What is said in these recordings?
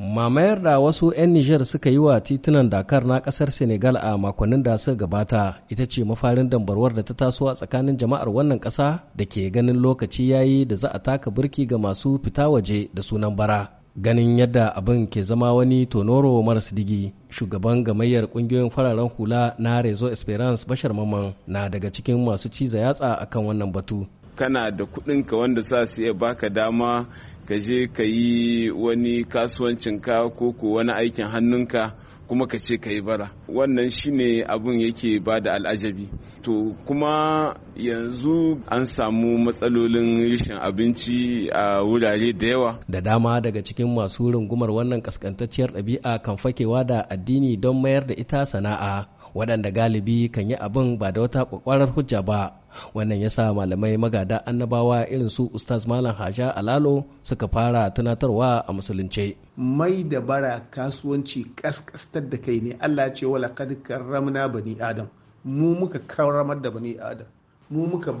mamayar da wasu 'yan Nijar suka yi wa titunan Dakar na kasar Senegal a makonnin da suka gabata ita ce mafarin dambarwar da ta taso a tsakanin jama'ar wannan ƙasa da ke ganin lokaci yayi da za a taka birki ga masu fita waje da sunan bara. Ganin yadda abin ke zama wani tonoro maras digi, shugaban gamayyar kungiyoyin fararen hula na Rezo Esperance Bashar Maman na daga cikin masu ciza yatsa akan wannan batu. kana da kuɗinka wanda za su iya baka dama ka je ka yi wani kasuwancinka ko ko wani aikin hannunka kuma ka ce ka yi bara wannan shine abun yake ba da al'ajabi to kuma yanzu an samu matsalolin rashin abinci a wurare da yawa da dama daga cikin masu rungumar wannan kaskantacciyar ɗabi'a kan fakewa da addini don mayar da ita sana'a waɗanda galibi kan yi abin ba da wata ƙwaƙwarar hujja ba wannan ya sa malamai magada annabawa irin su ustaz malam haja alalo suka fara tunatarwa a musulunce mai da bara kasuwanci kaskastar da kai ne allah ce wala kad karramna bani adam mu muka karramar da bani adam mu muka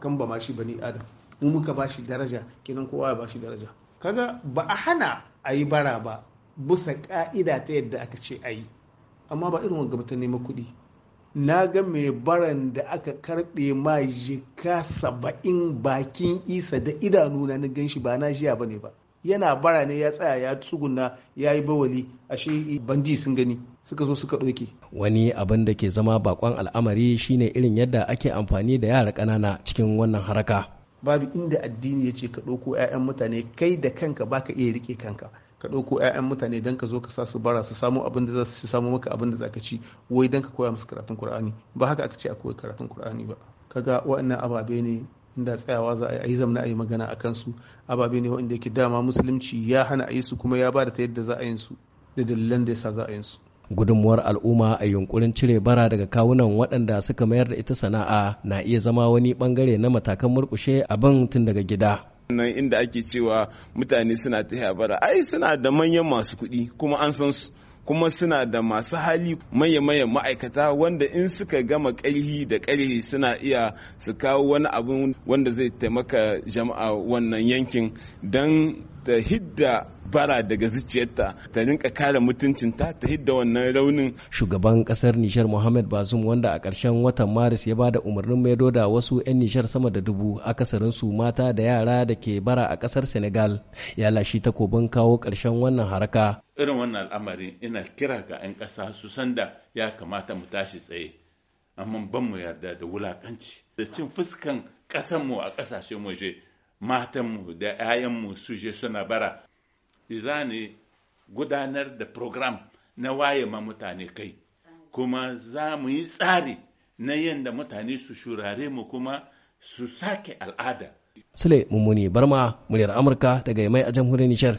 kan ba shi bani adam mu muka ba shi daraja kenan kowa ba shi daraja kaga ba a hana a yi bara ba bisa ka'ida ta yadda aka ce a yi amma ba irin wanga ta neman kuɗi na ga mai baran da aka karɓe ma jika saba'in bakin isa da idanuna na ganshi ba na jiya ba ne ba yana bara ne ya tsaya ya tsuguna ya yi bawali ashe bandi sun gani suka zo suka ɗauke. wani abin da ke zama bakon al'amari shine irin yadda ake amfani da yara ƙanana cikin wannan haraka babu inda addini ya ce ka ɗauko 'ya'yan mutane kai da kanka baka iya rike kanka ka ɗauko 'ya'yan mutane don ka zo ka sa su bara su samu abin da za su samu maka abin da za ka ci wai don ka koya musu karatun kur'ani ba haka aka ce a koyi karatun kur'ani ba ka ga waɗannan ababe ne inda tsayawa za a yi zamna a yi magana a kansu ababe ne waɗanda yake dama musulunci ya hana a yi su kuma ya ba da ta yadda za a yin su da dalilan da yasa za a yin su gudunmuwar al'umma a yunkurin cire bara daga kawunan waɗanda suka mayar da ita sana'a na iya zama wani bangare na matakan murkushe abin tun daga gida nan inda ake cewa mutane suna ta bara ai suna da manyan masu kuɗi kuma an san su kuma suna da masu hali manya-manyan ma'aikata wanda in suka gama ƙarhi da ƙarhi suna iya su kawo wani abin wanda zai taimaka jama'a wannan yankin don ta hidda bara daga zuciyarta ta rinka kare mutuncinta ta hidda wannan raunin. Shugaban kasar Nishar Mohammed Bazum wanda a ƙarshen watan Maris ya bada umarnin maido da wasu 'yan Nishar sama da dubu akasarin su mata da yara da ke bara a ƙasar Senegal ya lashi takobin kawo ƙarshen wannan haraka. Irin wannan al'amari ina kira ga 'yan ƙasa su san da ya kamata mu tashi tsaye amma ban mu yarda da wulakanci da cin fuskan ƙasanmu a ƙasashen waje. matanmu da 'ya'yanmu su je suna bara za ni gudanar da program na waye ma mutane kai kuma za mu yi tsari na yadda mutane su shurare mu kuma su sake al'ada. Sule Mummuni Barma, muryar Amurka daga mai a jamhuriyar Nijar.